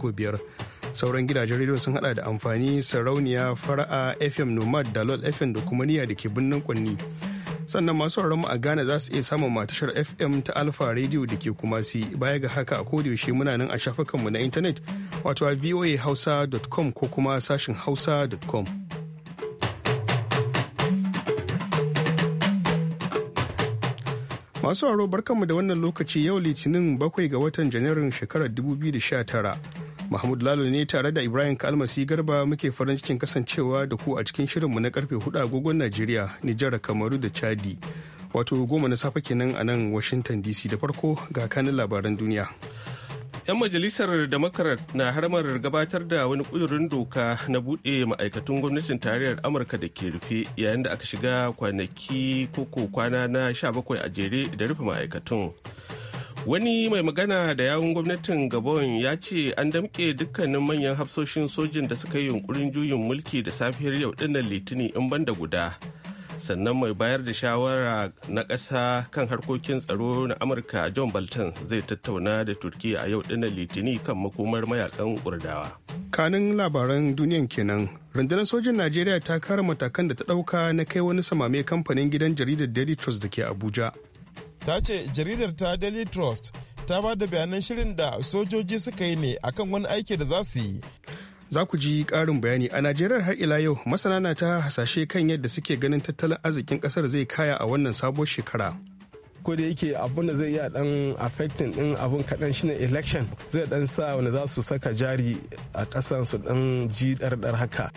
ko biyar sauran gidajen rediyo sun hada da amfani sarauniya fara'a fm nomad da lol fm da kuma niyya da ke birnin kwanni sannan masu mu a ghana za su iya samun matashar fm ta alfa radio da ke kumasi baya ga haka a yaushe muna nan a shafukanmu na intanet wato a voahausa.com ko kuma sashin hausa.com masu barkar barkanmu da wannan lokaci yau litinin bakwai ga watan janairun shekarar 2019 Mahmud Lalo ne tare da Ibrahim Kalmasi Garba muke farin cikin kasancewa da ku a cikin shirinmu na karfe hudu agogon Najeriya, Nijar, Kamaru da Chadi. Wato goma na safe kenan a nan Washington DC da farko ga kanin labaran duniya. 'Yan majalisar Democrat na harmar gabatar da wani kudurin doka na buɗe ma'aikatun gwamnatin tarayyar Amurka da ke rufe yayin da aka shiga kwanaki koko kwana na 17 a jere da rufe ma'aikatun. wani mai magana da yawun gwamnatin gabon ya ce an damƙe dukkanin manyan hafsoshin sojin da suka yi yunkurin juyin mulki da safiyar yau dinnan litinin in banda guda sannan mai bayar da shawara na ƙasa kan harkokin tsaro na amurka john bolton zai tattauna da Turkiyya a yau dinnan litini kan makomar mayakan kurdawa kanin labaran duniyan kenan rundunar sojin najeriya ta kara matakan da ta ɗauka na kai wani samame kamfanin gidan jaridar daily trust da ke abuja ta ce jaridar ta daily trust ta ba da bayanan shirin da sojoji suka yi ne akan wani aiki da za su yi za ku ji ƙarin bayani a najeriya har ila yau masana na ta hasashe kan yadda suke ganin tattalin arzikin ƙasar zai kaya a wannan sabon shekara ko da yake abun da zai iya dan affecting din abun kadan shine election zai dan sa wanda za su saka jari a kasan su dan ji dar haka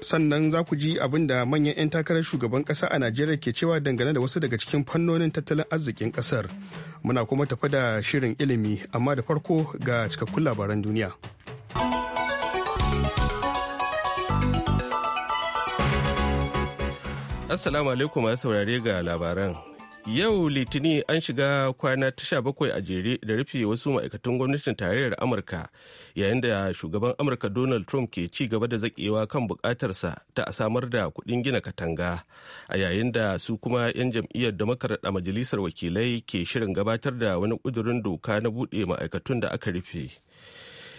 sannan za ku ji abin da manyan 'yan takarar shugaban kasa a najeriya ke cewa dangane da wasu daga cikin fannonin tattalin arzikin kasar muna kuma tafi da shirin ilimi amma da farko ga cikakkun labaran duniya assalamu alaikum masu saurare ga labaran Yau Litini an shiga kwana ta sha bakwai a jere da rufe wasu ma'aikatan gwamnatin tarayyar Amurka yayin da shugaban Amurka Donald Trump ke ci gaba da zaƙewa kan buƙatarsa ta a samar da kuɗin gina katanga a yayin da su kuma 'yan jam'iyyar da a majalisar wakilai ke shirin gabatar da wani ƙudurin doka na buɗe ma'aikatun da aka rufe.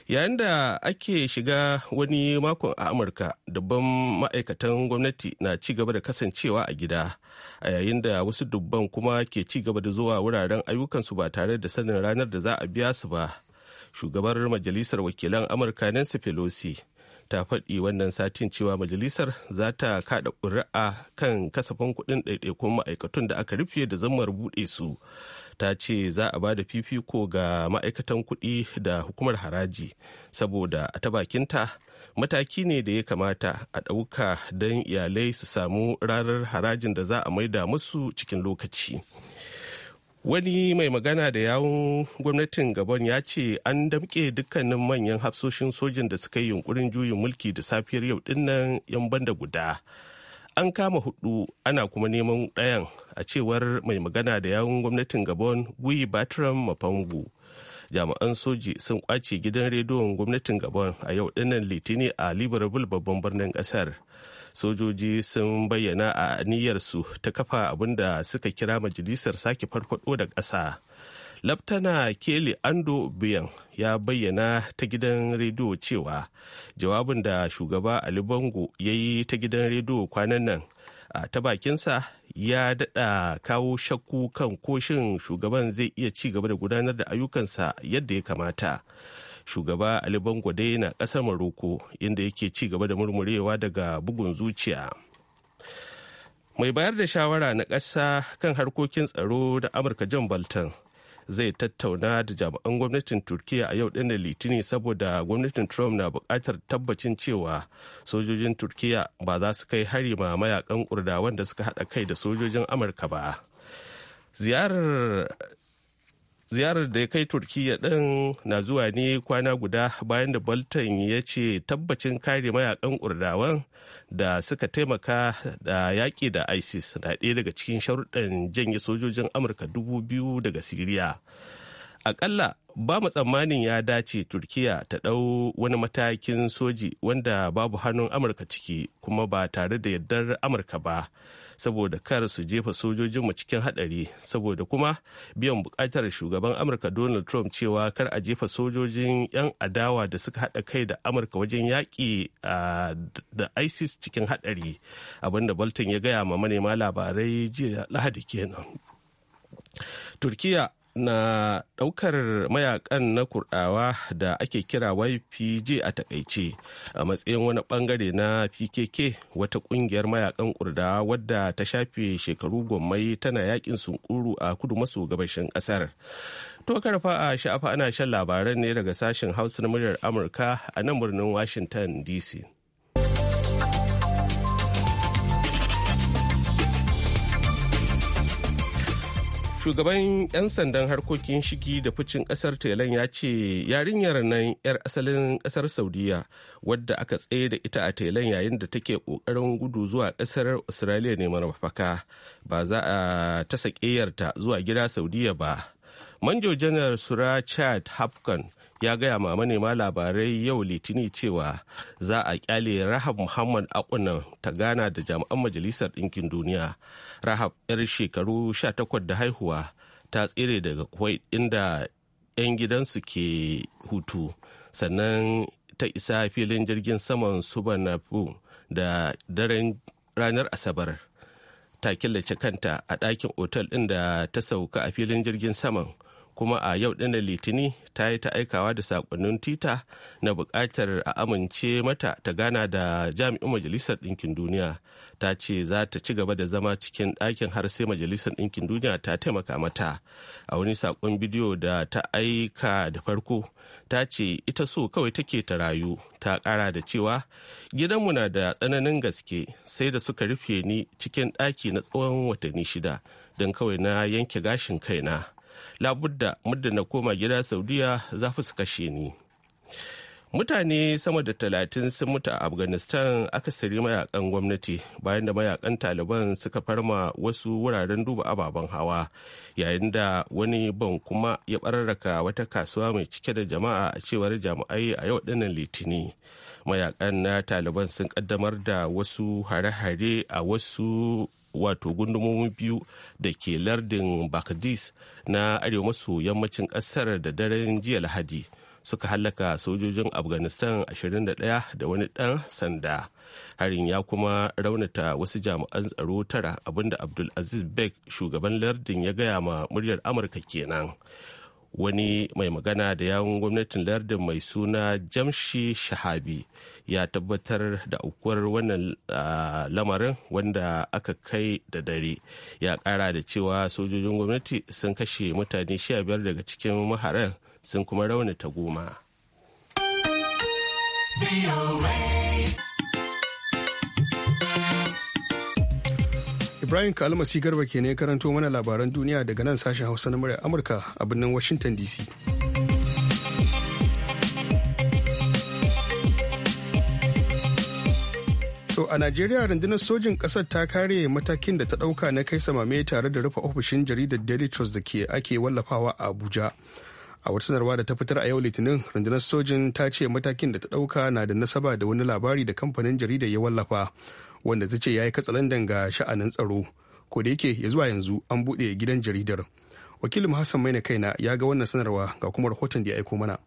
yayin da ake shiga wani makon a amurka dubban ma'aikatan gwamnati na ci gaba da kasancewa a gida a yayin da wasu dubban kuma ke ci gaba da zuwa wuraren ayyukansu ba tare da sanin ranar da za a biya su ba shugabar majalisar wakilan amurka nancy pelosi ta faɗi wannan satin cewa majalisar za ta kaɗa ƙuri'a kan kasafin kuɗin ɗaiɗaikun ma'aikatun da aka rufe da zammar buɗe su ta ce za a ba da fifiko ga ma'aikatan kuɗi da hukumar haraji saboda a ta bakinta mataki ne da ya kamata a ɗauka don iyalai su samu ranar harajin da za a maida musu cikin lokaci wani mai magana da yawun gwamnatin gabon ya ce an damƙe dukkanin manyan hafsoshin sojin da suka yi yunkurin juyin mulki da safiyar yau dinnan yan banda guda an kama hudu ana kuma neman ɗayan a cewar mai magana da yawun gwamnatin gabon guyi batram mafangu jami'an soji sun kwace gidan rediyon gwamnatin gabon a yau dinnan litini a libreville babban birnin ƙasar. sojoji sun bayyana a aniyarsu ta kafa abun da suka kira majalisar sake farfado da ƙasa laftana keli ando biyan ya bayyana ta gidan rediyo cewa jawabin da shugaba ali bango ya yi ta gidan rediyo kwanan nan ta bakinsa ya daɗa kawo shakku kan koshin shugaban zai iya ci gaba da gudanar da ayyukansa yadda ya kamata shugaba ali bango dai na ƙasar maroko inda yake ci gaba da murmurewa daga bugun zuciya mai bayar da shawara na ƙasa kan harkokin tsaro da amurka john bolton zai tattauna da jami'an gwamnatin turkiya a yau ɗin litinin saboda gwamnatin trump na buƙatar tabbacin cewa sojojin turkiya ba za su kai hari ma mayakan kurdawan da suka haɗa kai da sojojin amurka ba ziyarar ziyarar da ya kai turkiyya ɗin na zuwa ne kwana guda bayan da bolton ya ce tabbacin kare mayakan kurdawan da suka taimaka da yaƙi da isis na ɗaya daga cikin sharuɗan janye sojojin amurka dubu biyu daga siriya aƙalla ba mu tsammanin ya dace turkiyya ta ɗau wani matakin soji wanda babu hannun amurka ciki kuma ba tare da yardar amurka ba saboda kar su jefa sojojinmu cikin hadari saboda kuma biyan bukatar shugaban amurka donald trump cewa kar a jefa sojojin 'yan adawa da suka hada kai da amurka wajen yaƙi da isis cikin hadari abinda bolton ya gaya ma manema labarai jiya lahadi kenan turkiya na ɗaukar mayakan na kurɗawa da ake kira ypg a takaice a matsayin wani ɓangare na pkk wata ƙungiyar mayakan kurɗawa wadda ta shafe shekaru gwammai tana yakin sunkuru a kudu maso gabashin ƙasar to karfa a shafa ana shan labaran ne daga sashen hausa na muryar amurka a nan birnin washington dc shugaban 'yan sandan harkokin shigi da ficin ƙasar telan ya ce yarinyar nan 'yar asalin ƙasar saudiya wadda aka tsaye da ita a telan yayin da take ƙoƙarin gudu zuwa ƙasar australia ne mafaka ba za a ta saƙeyarta zuwa gida saudiya ba manjo janar sura chad hapkan ya gaya ma manema labarai yau litini cewa za a kyale rahab muhammad akunan ta gana da jami'an majalisar ɗinkin duniya rahab yar shekaru 18 da haihuwa ta tsere daga kuwait inda 'yan gidansu ke hutu sannan ta isa filin jirgin saman subanapu da daren ranar asabar ta killace kanta a ɗakin otal inda ta sauka a filin jirgin saman kuma a yau ɗin litini ta yi ta aikawa da sakonnin tita na buƙatar a amince mata ta gana da jami'in majalisar ɗinkin duniya ta ce za ta ci gaba da zama cikin ɗakin har sai majalisar ɗinkin duniya ta taimaka mata a wani sakon bidiyo da ta aika da farko ta ce ita so kawai take ta rayu ta ƙara da cewa gidanmu na da tsananin gaske sai da suka rufe ni cikin ɗaki na tsawon watanni shida don kawai na yanke gashin kaina labudda muddin na koma gida saudiya za su kashe ni mutane sama da talatin sun mutu a afghanistan aka akasari mayakan gwamnati bayan da mayakan taliban suka farma wasu wuraren duba ababen hawa yayin da wani ban kuma ya bararraka wata kasuwa mai cike da jama'a a cewar jami'ai a yau dinnan litini mayakan na taliban sun kaddamar da wasu hare-hare a wasu wato gundumomin biyu da ke lardin bakdis na arewa maso yammacin kasar da daren jiya lahadi suka hallaka sojojin afghanistan 21 da wani dan sanda harin ya kuma raunata wasu jami'an tsaro tara abinda abdulaziz beg shugaban lardin ya gaya ma muryar amurka kenan wani mai magana da yawun gwamnatin lardin mai suna jamshi shahabi ya tabbatar da aukuwar wannan lamarin wanda aka kai da dare ya kara da cewa sojojin gwamnati sun kashe mutane biyar daga cikin maharan sun kuma raunata goma. Ibrahim Kalmasi Garba ke ne karanto mana labaran duniya daga nan sashen Hausa na murya Amurka a birnin Washington DC. To a Najeriya rundunar sojin ƙasar ta kare matakin da ta ɗauka na kai samame tare da rufe ofishin jaridar Daily Trust da ke ake wallafawa a Abuja. a wata sanarwa da ta fitar a yau litinin rundunar sojin ta ce matakin da ta ɗauka na da nasaba da wani labari da kamfanin jaridar ya wallafa wanda ta ce ya yi katsalandan ga sha'anin tsaro ko da yake ya zuwa yanzu an buɗe gidan jaridar wakilin hassan maina kaina ya ga wannan sanarwa ga kuma rahoton da ya aiko mana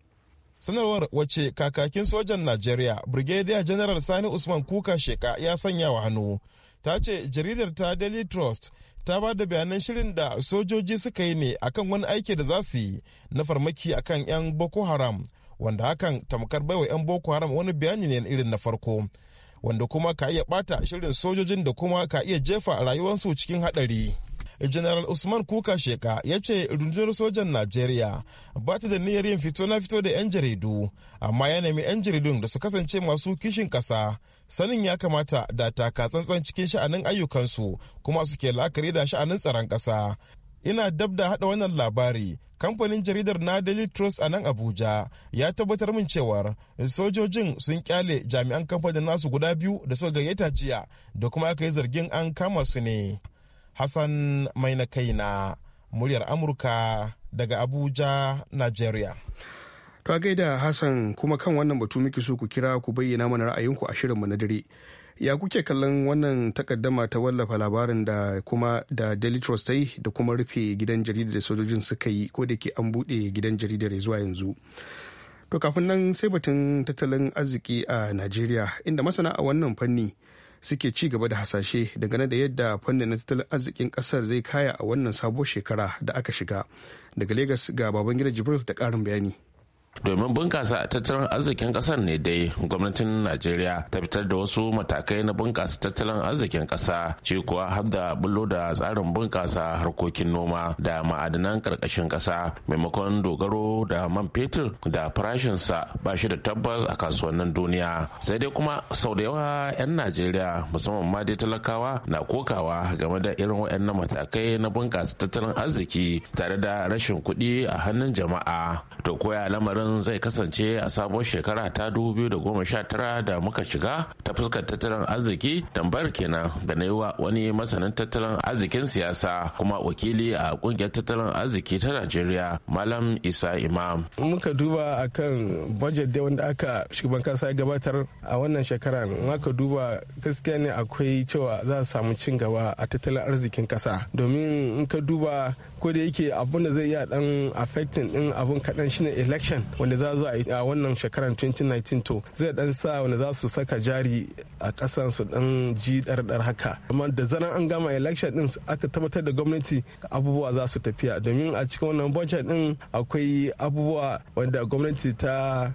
sanarwar wace kakakin sojan najeriya brigadier general sani usman kuka sheka ya sanya wa hannu ta ce jaridar ta daily trust ta ba da bayanan shirin da sojoji suka yi ne akan wani aiki da za su yi na farmaki akan 'yan boko haram wanda hakan tamkar baiwa 'yan boko haram wani bayani ne irin na farko wanda kuma ka iya bata shirin sojojin da kuma ka iya jefa rayuwarsu cikin haɗari. General Usman Kuka Sheka ya ce rundunar sojan Najeriya ba ta da niyyar yin fito na fito da 'yan jaridu, amma ya nemi 'yan jaridun da su kasance masu kishin kasa. sanin ya kamata da taka tsantsan cikin sha'anin ayyukansu kuma suke la'akari da sha'anin tsaron ƙasa ina dab da haɗa wannan labari kamfanin jaridar na daily trust a nan abuja ya tabbatar min cewar sojojin sun kyale jami'an kamfanin nasu guda biyu da suka gayyata jiya da kuma aka yi zargin an kama su ne hassan mai na kai na muryar amurka daga abuja nigeria To a gaida Hassan kuma kan wannan batu muke so ku kira ku bayyana mana ra'ayinku a shirinmu na dare. Ya kuke kallon wannan takaddama ta wallafa labarin da kuma da Daily Trust ta yi da kuma rufe gidan jaridar da sojojin suka yi ko da ke an buɗe gidan jaridar zuwa yanzu. To kafin nan sai batun tattalin arziki a Najeriya inda masana a wannan fanni suke ci gaba da hasashe dangane da yadda fannin na tattalin arzikin kasar zai kaya a wannan sabuwar shekara da aka shiga. Daga Legas ga Babangida Jibril da ƙarin bayani. domin bunkasa tattalin arzikin kasar ne dai gwamnatin najeriya ta fitar da wasu matakai na bunkasa tattalin arzikin kasa ci kuwa har da bullo da tsarin bunkasa harkokin noma da ma'adanan karkashin kasa maimakon dogaro da man fetur da farashinsa ba shi da tabbas a kasuwannin duniya sai dai kuma sau da yawa 'yan najeriya musamman ma dai talakawa na kokawa game da irin waɗannan matakai na bunkasa tattalin arziki tare da rashin kuɗi a hannun jama'a to koya lamarin sauran zai kasance a sabon shekara ta 2019 da muka shiga ta fuskar tattalin arziki tambayar kenan da na yi wa wani masanin tattalin arzikin siyasa kuma wakili a kungiyar tattalin arziki ta najeriya malam isa imam muka duba akan budget da wanda aka shugaban kasa ya gabatar a wannan shekara aka duba gaskiya ne akwai cewa za a samu cin gaba a tattalin arzikin kasa domin in ka duba ko da yake abun da zai iya dan affecting din abun kaɗan shine election wanda za zo a wannan shekarar 2019 to zai dan sa wanda za su saka jari a kasan su dan ji dardar haka amma da zaran an gama election din aka tabbatar da gwamnati abubuwa za su tafiya domin a cikin wannan budget din akwai abubuwa wanda gwamnati ta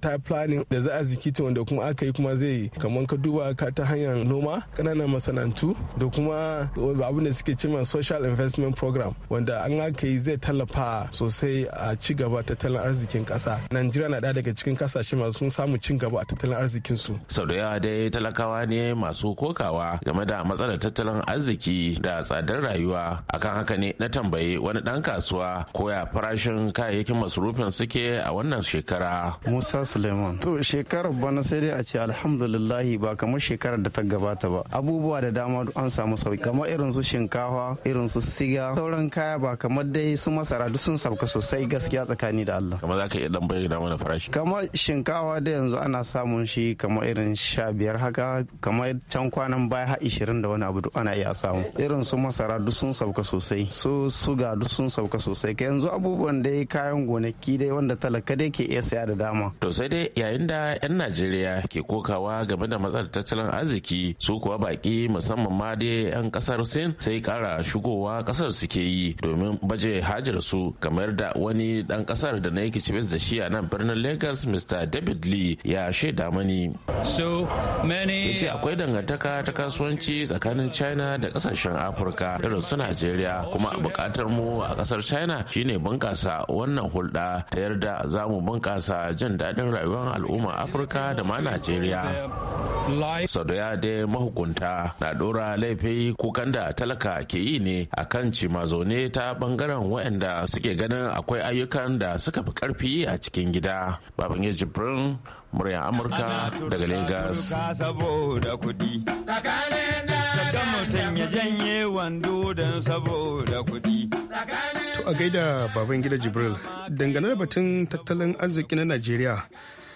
ta planning da za a zikita wanda kuma aka yi kuma zai kamar ka duba ka ta hanyar noma kananan masana'antu da kuma abin da suke cima social investment program wanda an aka yi zai tallafa sosai a ci gaba tattalin arzikin kasa najeriya na daya daga cikin kasashe masu sun samu cin gaba a tattalin arzikin su sau da yawa dai talakawa ne masu kokawa game da matsalar tattalin arziki da tsadar rayuwa akan haka ne na tambayi wani dan kasuwa koya farashin kayayyakin masurufin suke a wannan shekara Musa Suleiman. To shekarar bana sai dai a ce alhamdulillah ba kamar shekarar da ta gabata ba. Abubuwa da dama an samu sauki kamar irin su shinkafa, irin su siga, sauran kaya ba kamar dai su masara duk sun sauka sosai gaskiya tsakani da Allah. Kamar za ka iya dan bayyana mana farashi. Kamar shinkafa da yanzu ana samun shi kamar irin sha biyar haka kamar can kwanan baya ha ishirin da wani abu duk ana iya samu. Irin su masara duk sun sauka sosai. Su suga duk sun sauka sosai. Ka yanzu abubuwan dai kayan gonaki dai wanda talaka dai ke iya saya da dama. samun. To sai dai yayin da 'yan Najeriya ke kokawa game da matsalar tattalin arziki su kuwa baki musamman ma dai 'yan kasar Sin sai kara shigowa kasar suke yi domin baje hajar su kamar da wani dan kasar da na yake cibis da shi a nan birnin Lagos Mr. David Lee ya shaida mani. So many ce akwai dangantaka ta kasuwanci tsakanin China da kasashen Afirka irin su Najeriya kuma bukatar mu a kasar China shine bunƙasa wannan hulɗa ta yarda za mu bunkasa jin daɗin rayuwar al'umma afirka da ma najeriya sau ya dai mahukunta na ɗora laifi kukan da talaka ke yi ne a kan zaune ta ɓangaren waɗanda suke ganin akwai ayyukan da suka fi ƙarfi a cikin gida babangeji jibrin murya amurka daga lagos mutum ya janye wando don saboda kuɗi. To a gaida baban gida Jibril, dangane da batun tattalin arziki na Najeriya,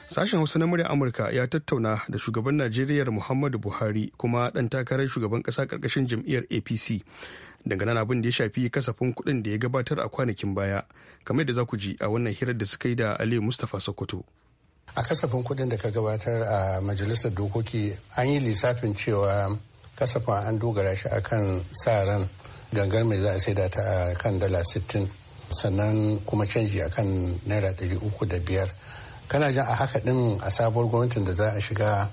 sashen Hausa na murya Amurka ya tattauna da shugaban Najeriya Muhammadu Buhari kuma ɗan takarar shugaban ƙasa karkashin jam'iyyar APC. Dangane da abin da ya shafi kasafin kuɗin da ya gabatar a kwanakin baya, kamar yadda za ku ji a wannan hirar da suka yi da Aliyu Mustapha Sokoto. A kasafin kuɗin da ka gabatar a majalisar dokoki an yi lissafin cewa kasafin an dogara shi akan sa ran gangar mai za a saida ta a kan dala sittin sannan kuma canji a kan naira ɗari uku da biyar kana jan a haka ɗin a sabuwar gwamnatin da za a shiga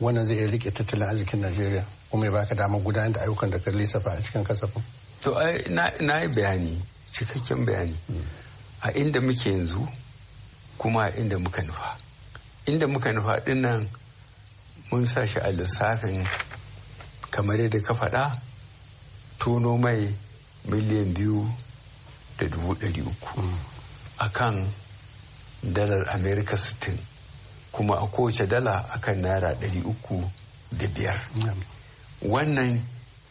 wannan zai iya rike tattalin arzikin najeriya kuma ya baka damar gudanar da ayyukan da ka lissafa a cikin kasafin to na yi bayani cikakken bayani hmm. a inda muke yanzu kuma a inda muka nufa inda muka nufa ɗin mun sa shi a lissafin kamar yadda ka faɗa tono mai miliyan biyu da dubu ɗari uku a kan dalar amerika sittin kuma a kowace dala akan naira ɗari uku da biyar wannan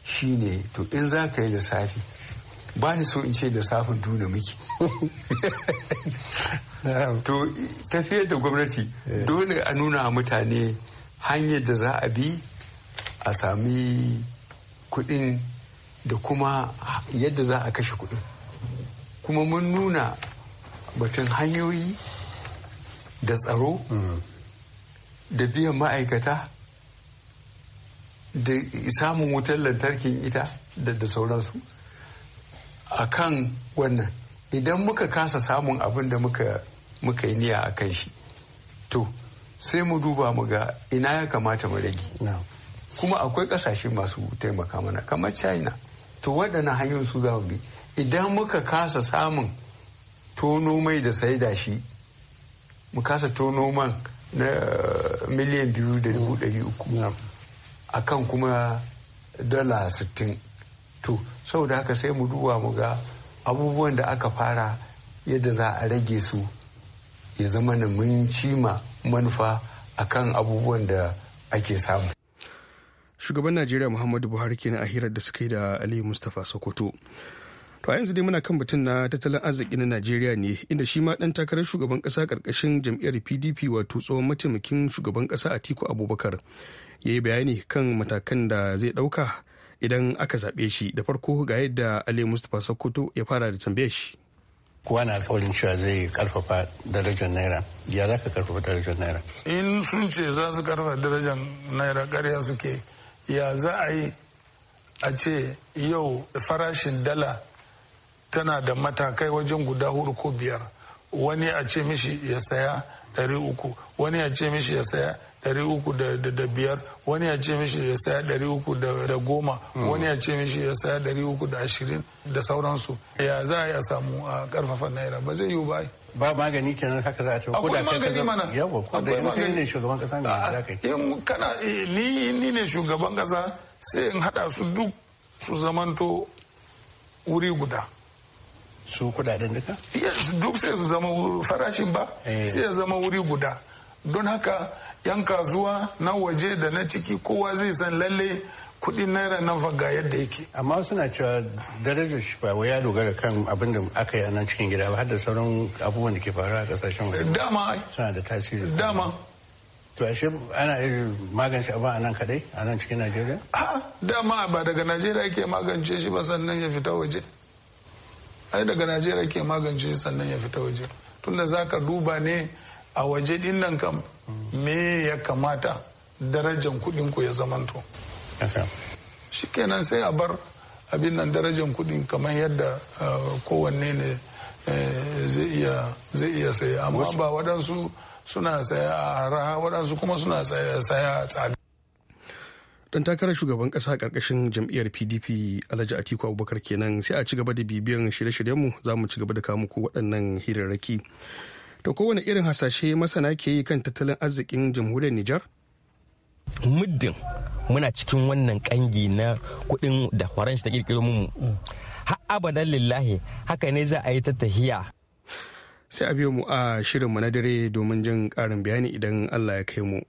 shi ne to in za ka yi lissafi ba ni so in ce lissafin duna miki to tafiyar da gwamnati eh. dole a nuna mutane hanyar da za a bi a sami kuɗin da kuma yadda za a kashe kuɗin kuma mun nuna batun hanyoyi da tsaro da biyan ma'aikata da samun wutar lantarkin ita da sauransu a kan wannan idan muka kasa samun abin da muka yi niyya a kan shi to sai mu duba mu ga ina ya kamata mu rage kuma akwai kasashe masu taimaka mana kamar china to waɗannan hanyoyin su za bi idan muka kasa samun tono mai da sai da shi mu kasa tono man na eh, miliyan biyu da dubu ɗari uku mm. a kan kuma dala sittin to sau da haka sai mu duba mu ga abubuwan da aka fara yadda za a rage su ya zama na mun cima manufa kan abubuwan da ake samu shugaban najeriya muhammadu buhari kenan a hirar da suka yi da ali mustapha sokoto to yanzu dai muna kan batun na tattalin arziki na najeriya ne inda shi ma dan takarar shugaban kasa karkashin jam'iyyar pdp wato tsohon mataimakin shugaban kasa atiku abubakar ya yi bayani kan matakan da zai dauka idan aka zaɓe shi da farko ga yadda ali mustapha sokoto ya fara da tambayar shi kowa na alkawarin cewa zai karfafa darajar naira ya za ka karfafa darajar naira in sun ce za su karfafa darajar naira karya suke ya za a yi a ce yau farashin dala tana da matakai wajen guda hudu ko biyar wani a ce mishi ya saya ɗari uku wani a ce mishi ya saya ɗari uku da biyar wani ya ce mishi ya saya ɗari uku da goma mm. wani ya ce mishi ya saya ɗari uku da ashirin da sauransu ya za a samu a karfafa naira ba zai yiwu ba ba magani kenan haka za a ko da kai magani mana yawa ko da kai ne shugaban kasa ne za ka yi kana eh, ni ni ne shugaban kasa sai in hada su duk su zamanto wuri guda su kudaden duka duk sai su zama farashin ba eh. sai ya zama wuri guda don haka 'yan kasuwa na waje da na ciki kowa zai san lalle kudin naira nan fa ga yadda yake amma suna cewa darajar shi ba wai ya dogara kan abin da aka yi a nan cikin gida ba har da sauran abubuwan da ke faruwa a kasashen waje dama suna da tasiri dama to ashe ana iya magance abin a nan kadai a nan cikin najeriya a dama ba daga najeriya ke magance shi ba sannan ya fita waje ai daga najeriya ke magance shi sannan ya fita waje tunda zaka duba ne a waje din nan kam me ya kamata darajan kudin ku ya zamanto shikenan sai a bar abin nan darajan kudin kamar yadda eh, kowanne ne eh, zai iya saya amma ba waɗansu suna saya a raha waɗansu kuma suna saya a tsada dan takarar shugaban kasa karkashin jam'iyyar pdp alhaji atiku abubakar kenan sai a ci gaba da bibiyan shirye-shiryenmu za mu ci gaba da kamuku ku waɗannan hirarraki To kowane irin hasashe masana ke yi kan tattalin arzikin jamhuriyar Nijar? Muddin muna cikin wannan kangi na kuɗin da faransh ta kirkiro mu. Har abadan lillahi haka ne za a yi tattahiya Sai a biyo mu a shirin mu na dare domin jin ƙarin bayani idan Allah ya kai mu.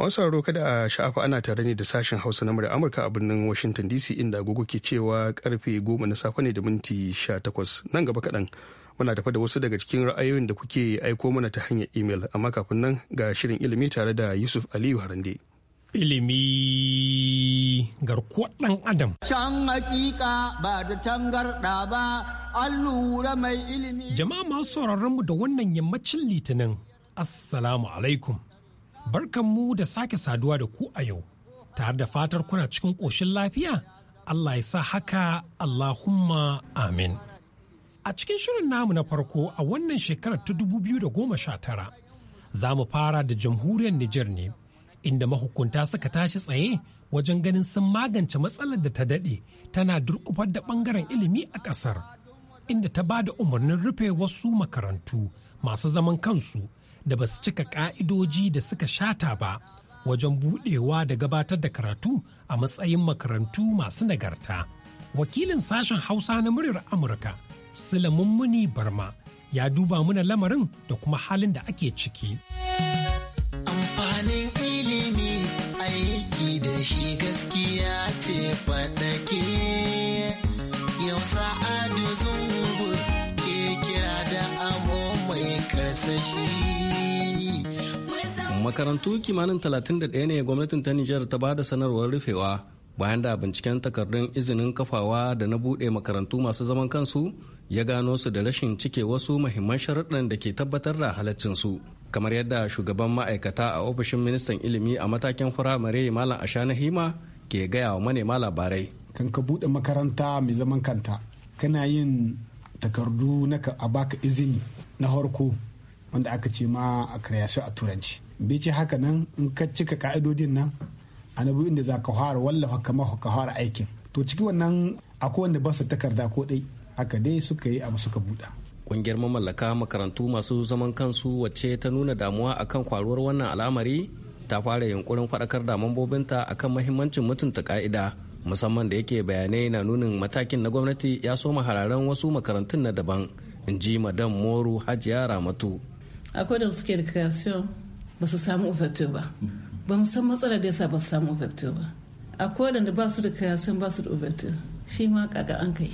masu sauraro kada a sha'afa ana tare ne da sashen hausa na murya amurka a birnin washington dc inda agogo ke cewa karfe 10 na safe ne da minti 18 nan gaba kaɗan muna tafa da wasu daga cikin ra'ayoyin da kuke aiko mana ta hanyar imel amma kafin nan ga shirin ilimi tare da yusuf aliyu harande ilimi garkuwar ɗan adam can hakika ba da tangarɗa ba an lura mai ilimi jama'a masu sauraron mu da wannan yammacin litinin assalamu alaikum barkanmu da sake saduwa da ku a yau tare da fatar kuna cikin ƙoshin lafiya Allah ya sa haka Allahumma amin. A cikin shirin namu na farko a wannan shekarar ta 2019 za mu fara da jamhuriyar Nijar ne, inda mahukunta suka tashi tsaye wajen ganin sun magance matsalar da ta daɗe tana durkufar da ɓangaren ilimi a ƙasar, inda ta ba da umarnin rufe wasu makarantu masu zaman kansu da ba su cika ƙa'idoji da suka shata ba wajen buɗewa da gabatar da karatu a matsayin makarantu masu nagarta. Wakilin sashen Hausa na muryar Amurka. mummuni Barma ya duba muna lamarin da kuma halin da ake ciki. Amfanin ilimi aiki da shi gaskiya ce faɗake yau sa'adu zungur ke kira da abu mai karsashi. Makarantu kimanin 31 ne gwamnatin ta Nijar ta ba da sanarwar rufewa bayan da binciken takardun izinin kafawa da na buɗe makarantu masu zaman kansu ya gano su da rashin cike wasu mahimman sharuɗan da ke tabbatar da halaccinsu kamar yadda shugaban ma'aikata a ofishin ministan ilimi a matakin firamare malam na hima ke gaya wa manema labarai kan ka buɗe makaranta mai zaman kanta kana yin takardu na ka a baka izini na harko wanda aka ce ma a karyashi a turanci bai ce haka nan in ka cika ka'idodin nan a na biyu inda za ka fara wallafa kamar ka fara aikin to ciki wannan akwai wanda ba su takarda ko dai haka dai suka yi abu suka buɗa kungiyar mamallaka makarantu masu zaman kansu wacce ta nuna damuwa akan kwaruwar wannan al'amari ta fara yunkurin faɗakar da mambobinta akan mahimmancin mutunta ka'ida musamman da yake bayanai na nunin matakin na gwamnati ya soma hararen wasu makarantun na daban in ji madam moru hajiya ramatu akwai da suke da ba su samu ba ba mu san matsalar da yasa ba su samu overture ba akwai da ba su da sun ba su da overture shi ma kaga an kai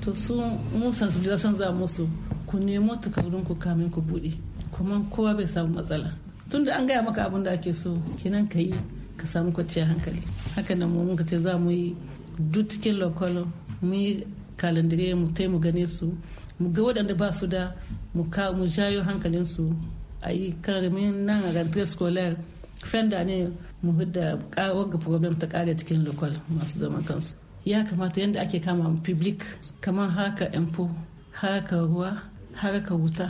to su mu sensibilization za musu ku nemo takardun ku kamin ku bude kuma kowa bai samu matsala tunda an gaya maka abin da ake so kinan ka yi ka samu kwanciyar hankali haka nan mu muka ce za mu yi duk cikin lokal mu yi kalandire mu tai mu gane su mu ga waɗanda ba su da mu jayo hankalinsu a yi karamin nan a rantar scholar fenda ne mu hudda ga problem ta kare cikin lokal masu zaman kansu ya kamata yadda ake kama public kamar haka empo haka ruwa haka wuta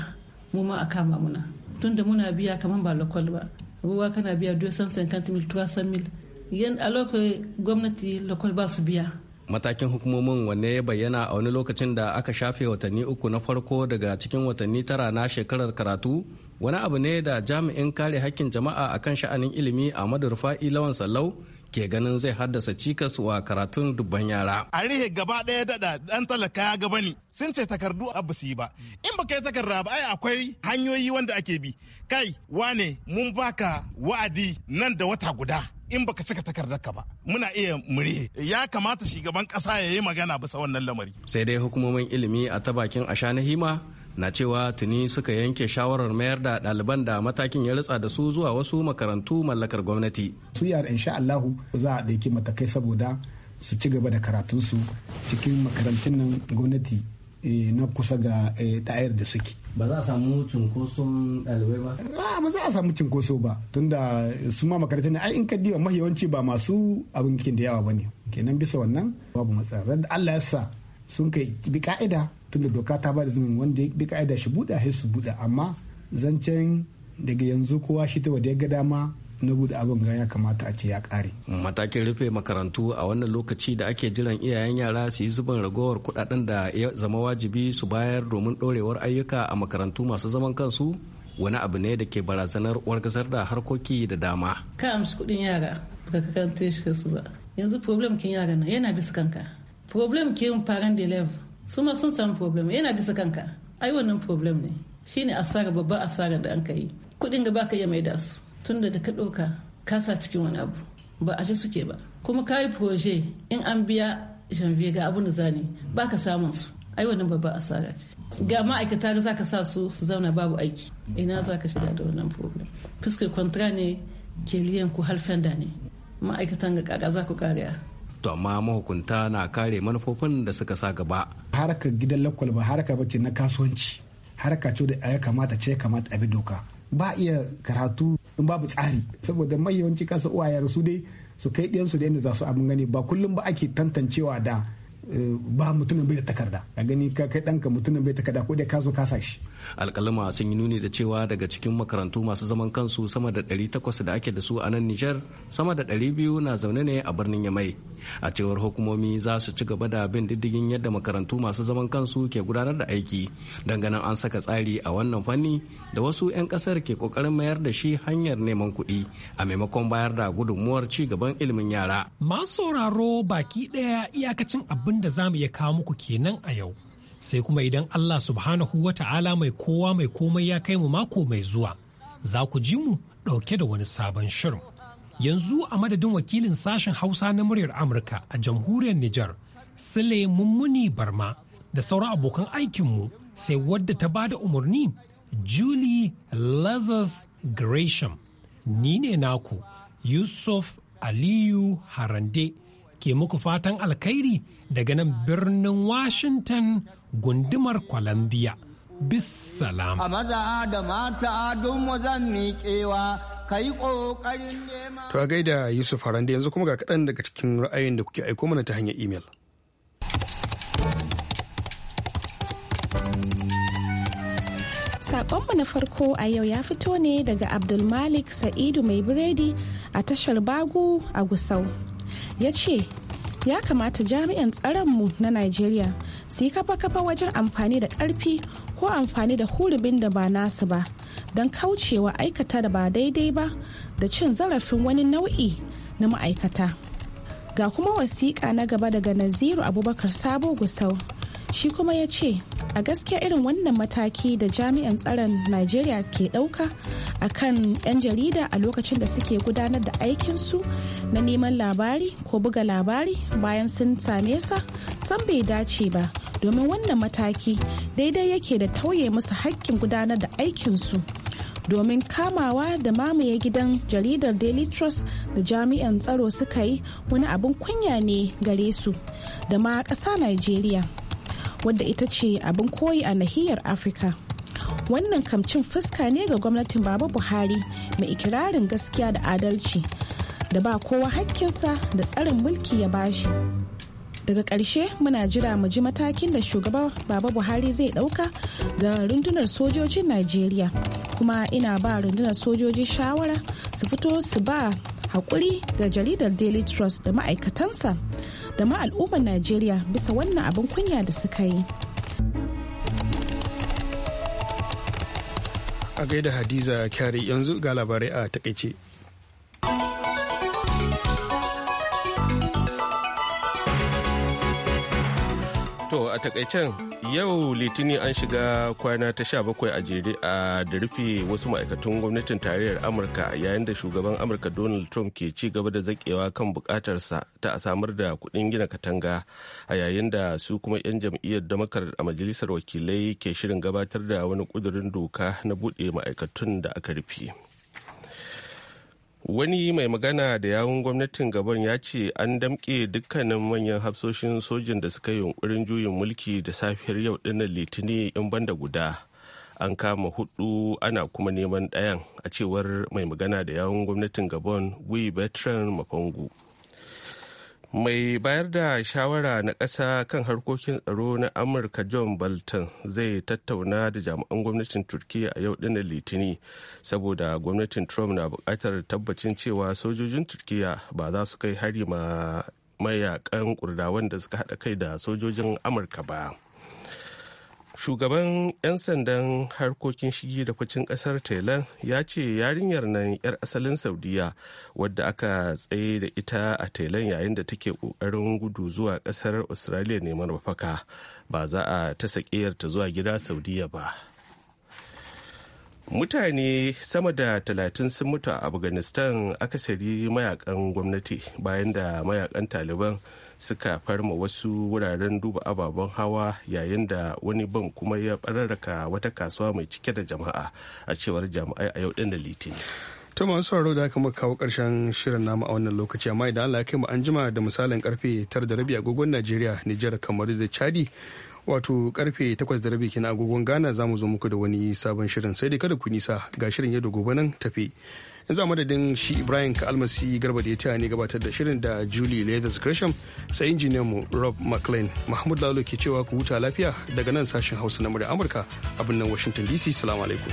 mu ma a kama muna tunda muna biya kamar ba lokal ba ruwa kana biya 200 mil 300 mil yan a lokacin gwamnati lokal ba su biya matakin hukumomin wanne ya bayyana a wani lokacin da aka shafe watanni uku na farko daga cikin watanni tara na shekarar karatu wani abu ne da jami'in kare hakkin jama'a akan sha'anin ilimi a rufa'i lawan sallau ke ganin zai haddasa cikas wa karatun dubban yara. A rihe gaba ɗaya daɗa ɗan talaka ya gaba ne sun ce takardu a basu ba. In bakai kai takarda ba ai akwai hanyoyi wanda ake bi. Kai wane mun baka wa'adi nan da wata guda. in baka cika takardarka ba muna iya mure ya kamata shugaban kasa ya yi magana bisa wannan lamari sai dai hukumomin ilimi a ta bakin ashanahima na cewa tuni suka yanke shawarar mayar da ɗaliban da matakin ya ritsa da su zuwa wasu makarantu mallakar gwamnati su yara insha Allahu za a ɗauki matakai saboda su ci gaba da karatunsu cikin makarantun nan gwamnati eh, na kusa ga da'ayar eh, da suke ba za a samu cinkoson ɗalibai ba? ba za a samu cinkoso ba tunda su ma makarantar ne ai in ka diba yawanci ba masu abin kin da yawa bane kenan bisa wannan babu matsala da Allah ya sa sun kai bi ka'ida tunda doka ta ba da zumin wanda bi ka'ida shi buɗe sai su buɗe amma zancen daga yanzu kowa shi ta wadda ya ga dama na bude abin ya kamata a ce ya kare. matakin rufe makarantu a wannan lokaci da ake jiran iyayen yara su yi zuban ragowar kudaden da ya zama wajibi su bayar domin dorewar ayyuka a makarantu masu zaman kansu wani abu ne da ke barazanar wargazar da harkoki da dama. ka amshi kudin yara ba ka karanta shi su ba yanzu problem kin yara na yana bisa kanka problem kin faran da lev su ma sun samu problem yana bisa kanka ai wannan problem ne shine asara babba asara da an kai kudin ga baka iya maida su tunda da ka ɗauka kasa cikin wani abu ba a suke ba kuma ka yi proje in an biya janvier ga abun da zani ba ka samun su ai wannan babban asara ce ga ma'aikata da za ka sa su su zauna babu aiki ina za ka shiga da wannan problem fuskar kontra ne ke liyan ku halfen da ne ma'aikatan ga kaka za ku kariya to amma mahukunta na kare manufofin da suka sa gaba harkar gidan lakwal ba harka ba ce na kasuwanci harka ce da ya kamata ce kamata a bi doka ba iya karatu in babu tsari saboda mai yawanci kasa uwayar su dai su kai ɗiyansu da yadda za su abin gani ba kullum ba ake tantancewa da eh, ba mutumin bai da takarda a gani ka kai ɗanka mutumin bai takarda ko da ka zo ka sa shi alkalama sun yi nuni da cewa daga cikin makarantu masu zaman kansu sama da 800 da ake da su a nan nijar sama da 200 na zaune ne a birnin yamai a cewar hukumomi za su ci gaba da bin diddigin yadda makarantu masu zaman kansu ke gudanar da aiki ganin an saka tsari a wannan fanni da wasu 'yan kasar ke kokarin mayar da shi hanyar neman kuɗi a maimakon bayar da gudunmuwar ci gaban ilimin yara masu sauraro baki ɗaya iyakacin abin da za mu iya kawo muku kenan a yau sai kuma idan Allah subhanahu wa ta'ala mai kowa mai komai ya kai mu mako mai zuwa za ku ji mu ɗauke da wani sabon shirin. Yanzu a madadin wakilin sashen Hausa na muryar Amurka a jamhuriyar Nijar, Sule Mummuni Barma da sauran abokan aikinmu sai wadda ta ba da umarni Julie Lazarus Gresham. Ni ne naku Yusuf Aliyu Harande ke muku fatan alkhairi daga nan birnin Washington gundumar Columbia. Bissalam. A maza da mata don zan kai ƙoƙarin nema. To a gaida Yusuf Harande yanzu kuma ga kaɗan daga cikin ra'ayin da kuke aiko mana ta hanyar imel. saƙonmu na farko a yau ya fito ne daga Abdulmalik Sa'idu mai biredi a tashar Bagu a Gusau. Ya ce, ya kamata jami'an tsaronmu na Najeriya su yi kafa-kafa wajen amfani da ƙarfi ko amfani da hurubin da ba nasu ba don kaucewa aikata da ba daidai ba da cin zarafin wani nau'i na ma'aikata. Ga kuma wasiƙa na gaba daga Naziru Abubakar Sabo Gusau. shi kuma ya ce a gaskiya irin wannan mataki da jami'an tsaron najeriya ke ɗauka a kan 'yan jarida a lokacin da suke gudanar da aikinsu na neman labari ko buga labari bayan sun same sa san bai dace ba domin wannan mataki daidai yake da tauye musu hakkin gudanar da aikinsu domin kamawa da mamaye gidan jaridar daily trust da jami'an tsaro suka yi wani abin kunya ne gare su da ma ƙasa nigeria wadda ita ce abin koyi a nahiyar afirka wannan kamcin fuska ne ga gwamnatin baba buhari mai ikirarin gaskiya da adalci da ba kowa hakkinsa da tsarin mulki ya bashi daga ƙarshe muna jira mu ji matakin da shugaba baba buhari zai ɗauka ga rundunar sojojin najeriya kuma ina ba rundunar sojoji shawara su fito su ba haƙuri ga jaridar daily trust da ma'aikatansa da ma al'ummar najeriya bisa wannan abin kunya da suka yi a gaida hadiza kyare yanzu ga labarai a takaice to a takaicen yau litinin an shiga kwana ta sha bakwai a jere a da rufe wasu ma'aikatan gwamnatin tarayyar amurka yayin da shugaban amurka donald trump ke ci gaba da zakewa kan bukatarsa ta samar da kuɗin gina katanga a yayin da su kuma 'yan jam'iyyar damakar a majalisar wakilai ke shirin gabatar da wani kudurin doka na buɗe ma'aikatun da aka rufe. wani mai magana da yawun gwamnatin gabon ya ce an damƙe dukkanin manyan hafsoshin sojin da suka yi yunkurin juyin mulki da safiyar yau dinnan litinin in banda guda an kama hudu ana kuma neman ɗayan a cewar mai magana da yawun gwamnatin gabon gui bertrand mafangu mai bayar da shawara na ƙasa kan harkokin tsaro na amurka john bolton zai tattauna da jami'an gwamnatin turkiya a yau dinnan litini saboda gwamnatin trump na buƙatar tabbacin cewa sojojin turkiya ba za su kai hari ma mayakan kurdawan da suka haɗa kai da sojojin amurka ba shugaban 'yan sandan harkokin shigi da kucin kasar thailand ya ce yarinyar nan 'yar asalin saudiya wadda aka tsaye da ita a thailand yayin da take kokarin gudu zuwa kasar australia neman mafaka ba za a ta ta zuwa gida saudiya ba mutane sama da talatin sun mutu a afghanistan akasari mayakan gwamnati bayan da mayakan taliban suka farma wasu wuraren duba ababen hawa yayin da wani ban kuma ya bararraka wata kasuwa mai cike da jama'a a cewar jami'ai a yau din da litinin ta masu sauraro da aka kawo karshen shirin namu a wannan lokaci amma idan Allah ya kai mu an jima da misalin karfe tara da rabi agogon Najeriya Nijar kamar da Chadi wato karfe takwas da rabi kina agogon Ghana za mu zo muku da wani sabon shirin sai dai kada ku nisa ga shirin yadda gobe nan tafi yanzu a madadin shi ibrahim ka almasi garba da ya taya ne gabatar da shirin da julie leathers gresham sai injiniyan mu rob mclean mahmud lalo ke cewa ku huta lafiya daga nan sashen hausa na murya amurka a birnin washington dc salamu alaikum